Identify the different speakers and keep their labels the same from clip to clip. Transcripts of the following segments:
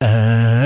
Speaker 1: 呃，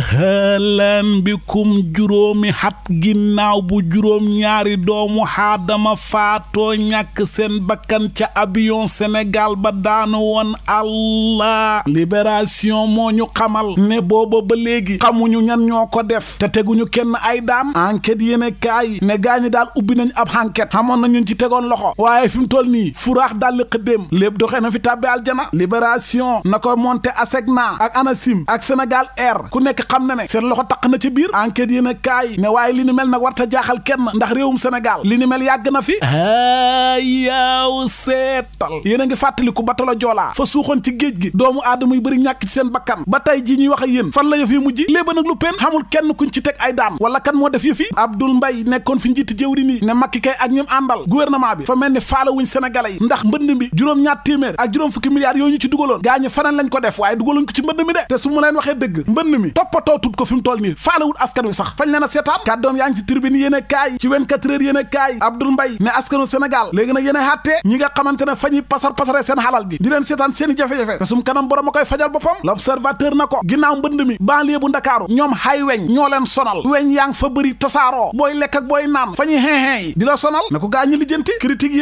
Speaker 1: halaan bikum juróomi xat ginnaaw bu juróom ñaari doomu xaadama faatoo ñàkk seen bakkan ca avion Sénégal ba daanu woon allah libération moo ñu xamal ne booba ba léegi xamuñu ñan ñoo ko def te teguñu kenn ay daan enquête yéene kaay ne gaañi daal ubbi nañ ab enquête xamoon nañu ci tegoon loxo waaye fi mu toll nii furaax daal li xëddéem lépp doxee na fi tàbbi aljana libération na ko monté asegna ak ANACIM ak Sénégal Air ku nekk xam na ne seen loxo taq na ci biir enquête yéen a kaay ne waaye li ni mel nag warta jaaxal kenn ndax réewum Sénégal li ni mel yàgg na fi ayaw seetal yéen a ngi fàttaliku batalo joolaa fa suuxoon ci géej gi doomu aadama yu bëri ñàkk ci seen bakkan ba tey ji ñuy wax ak yéen fan la yëf yi mujj léeba nag lu pen xamul kenn kuñ ci teg ay daan wala kan moo def yëf yi Abdoul Mbaye nekkoon fi njiiti jëwri nii ne Macky kay ak ñoom àndal gouvernement bi fa mel ni faala sénégalais yi ndax mbënd mi juróom-ñaar téeméer ak juróom fukki milliards yooyu ñu ci dugaloon gaañu fanaan lañ ko def waaye dugaloon ko ci mbënd mi de te su ma leen waxee dëgg mbënd mi topp toppatoo tut ko fi mu toll nii askan wi sax fañ leen a seetaan kàddoom yaa ngi ci tribune yéen a kaay ci 24 heures yéen a kaay Abdoul Mbaye ne askanu Sénégal léegi nag yéen a ñi nga xamante ne fañuy pasar pasare seen xalal ji di seetaan seen i jafe-jafe kanam borom a koy fajal boppam l'observateur na ko ginnaaw mbënd mi banlieue bu Ndakaaru ñoom xay weñ ñoo sonal weñ yaa fa bëri tasaaroo booy lekk ak naan fa ñuy xeexee sonal na ko gaa lijjanti critique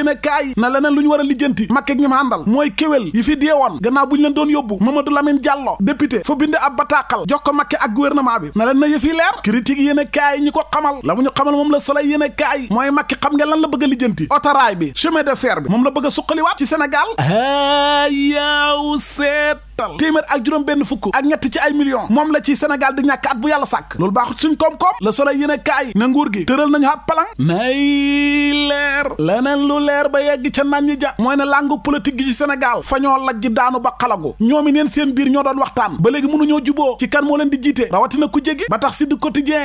Speaker 1: Mbàkke ak gouvernement bi na leen na yëf yi leer critique yéen a kaay ñi ko xamal la mu ñu xamal moom la Soleil yéen a kaay mooy Macky xam nga lan la bëgg a lijjanti autorail bi chemin de fer bi moom la bëgg a suqaliwaat ci Sénégal aa ah, yaaw seet tal téeméer ak juróom benn fukk ak ñett ci ay millions moom la ci Sénégal di ñàkk at bu yàlla sàkk loolu baaxut suñ koom-koom le soleil yéen a kaay na nguur gi tëral nañu ab palang nay leer leneen lu leer ba yegg ca nan ñi ja mooy ne langue politique gi ci Sénégal fa ñoo lajj daanu ba xalagu ñoomi neen seen biir ñoo doon waxtaan ba léegi mënuñoo juboo ci kan moo leen di jiite rawatina ku jégi ba tax si du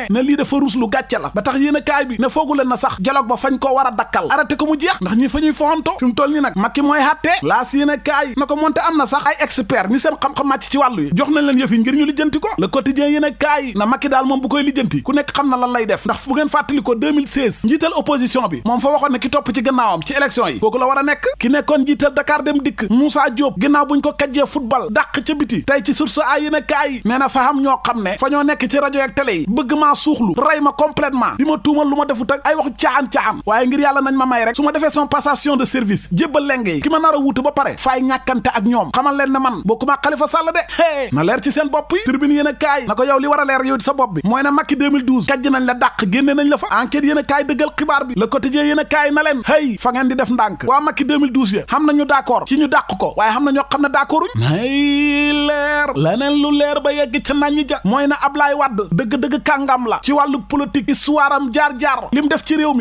Speaker 1: ne lii dafa ruus lu gàcce la ba tax yéen a kaay bi ne foogu sax dialogue ba fañ ko war a ko mu jeex ndax ñi fa ñuy foxanto fi mu nag Macky mooy xattee a na ko am na sax ay expert seen xam-xam màcc ci wàllu yi jox na leen yëf yi ngir ñu lijjanti ko le quotidien yi ne kaay na Macky daal moom bu koy lijjanti ku nekk xam na lan lay def ndax bu ngeen fàttali ko 2016 njiital opposition bi moom fa waxoon ki topp ci gannaawam ci élection yi kooku la war a nekk ki nekkoon njiital Dakar dem dikk Moussa Diop ginnaaw buñ ko kajjee football dàq ca biti tey ci source a yi ne nee na fa xam ñoo xam ne fa ñoo nekk ci rajo ak télé yi bëgg maa ma complètement di ma tuumal lu ma defut ak ay waxu caaxaan caaxaan waaye ngir yàlla nañ ma may rek su ma defee son passation de service jébbal leng yi ki ma a wuutu ba pare faay ñàkkante ak ñoom xamal leen ne man président Khalifa Sall de na leer ci seen bopp yi tribune a kaay na ko yow li war a leer yow sa bopp mooy na Macky kajj nañ la dàq génne nañ la fa enquête yéen a dëggal xibaar bi le quotidien yéen a na leen hey fa ngeen di def ndànk waa Macky ya xam na ñu d'accord ci ñu dàq ko waaye xam na ñoo xam ne nay leer leneen lu leer ba yegg ca nañ ja mooy na Ablaye Wade dëgg-dëgg kàngam la ci wàllu politique histoire jaar-jaar li mu def ci réew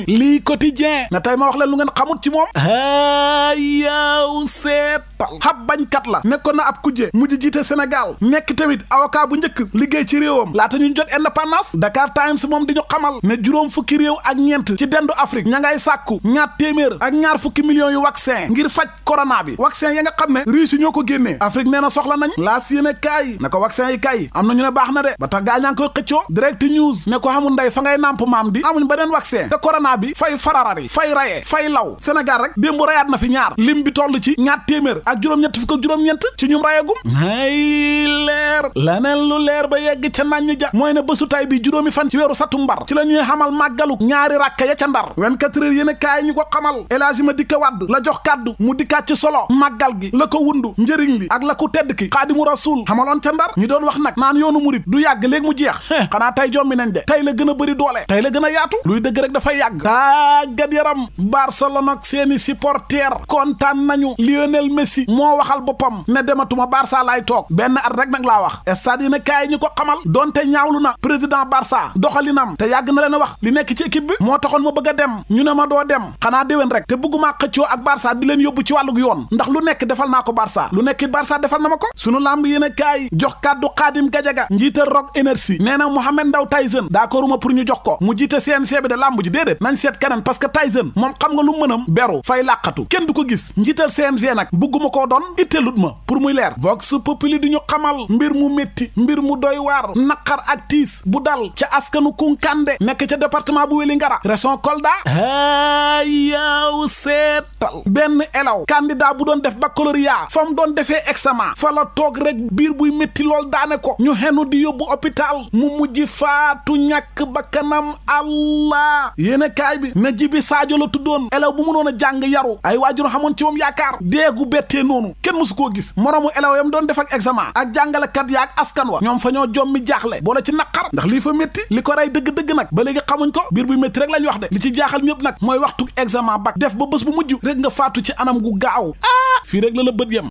Speaker 1: tal bañ bañkat la nekkoon na ab kujje mujj jiite Sénégal nekk tamit avocat bu njëkk liggéey ci réewam laata ñu jot indépendance Dakar Times moom di ñu xamal ne juróom fukki réew ak ñeent ci dendu Afrique ñangay ngay sàkku ñaar téeméer ak ñaar fukki millions yu vaccin ngir faj corona bi vaccin ya nga xam ne Russie ñoo ko génnee Afrique nee na soxla nañ laas yéene kaay na ko vaccin yi kaay am na ñu ne baax na de ba tax gaa ñaa ngi koy xëccoo direct news ne ko xamul ndey fa ngay nàmp maam di amuñ beneen vaccin te corona bi fay fararari fay raye fay law Sénégal rek démb rayaat na fi ñaar lim bi toll ci ñaar téeméer ak juróom-ñett fukk ak juróom-ñett ci ñum raayagum nay leer laneen lu leer ba yegg ca nañ ja mooy ne bésu tay bi juróomi fan ci weeru satumbar ci la ñuy xamal màggalu ñaari rakka ya ca ndar 24 heures yéen kaay ñu ko xamal élage ma dikka wàdd la jox kàddu mu dikkaat ci solo màggal gi la ko wundu njëriñ li ak la ko tedd ki xaadimu rasul xamaloon ca ndar ñi doon wax nag naan yoonu murit du yàgg léegi mu jeex xanaa tey jommi nañ de tey la gën a bëri doole tey la gën a yaatu luy dëgg rek dafay yàgg tàggat yaram Barcelone ak seeni supporter kontaan nañu Lionel Messi Messi moo waxal boppam ne dematuma Barça laay toog benn at rek nag laa wax stade yi ñi ko xamal donte ñaawlu na président Barça doxalinam te yàgg na leen a wax li nekk ci équipe moo taxoon ma bëgg a dem ñu ne ma doo dem xanaa déwén rek te bëgguma xëccoo ak Barça di yóbbu ci wàllug yoon ndax lu nekk defal naa ko Barça lu nekk it defal na ma ko sunu làmb yéen a kaay jox kàddu Xaadim Gajaga njiital Rock Énergie nee na Mohamed Ndaw Tyson d'accord uma ko mu jiite CNG bi de làmb ji déedéet nañ seet keneen parce dama koo doon itteelut ma pour muy leer vox populi du ñu xamal mbir mu métti mbir mu doy waar naqar ak tiis bu dal ca askanu kunkande nekk ca département bu Wélingara région Kolda ayaw seetal benn elaw candidat bu doon def baccalauréat fa mu doon defee examen fa la toog rek biir buy métti lool daane ko ñu xenu di yóbbu hôpital mu mujj faatu ñàkk bakkanam allah yéen kaay bi na jibi Sadio la tuddoon elaw bu mënoon a jàng yaru ay waajur xamoon ci moom métier noonu kenn mësu koo gis moroomu élèves yam doon def ak ak jàngalekat ya ak askan wa ñoom fa ñoo jommi jaaxle boole ci naqar ndax lii fa métti li ko rey dëgg-dëgg nag ba léegi xamuñ ko biir bu métti rek lañ wax de li ci jaaxal ñëpp nag mooy waxtu examen bac def ba bés bu mujj rek nga faatu ci anam gu gaaw ah fii rek la la bët yem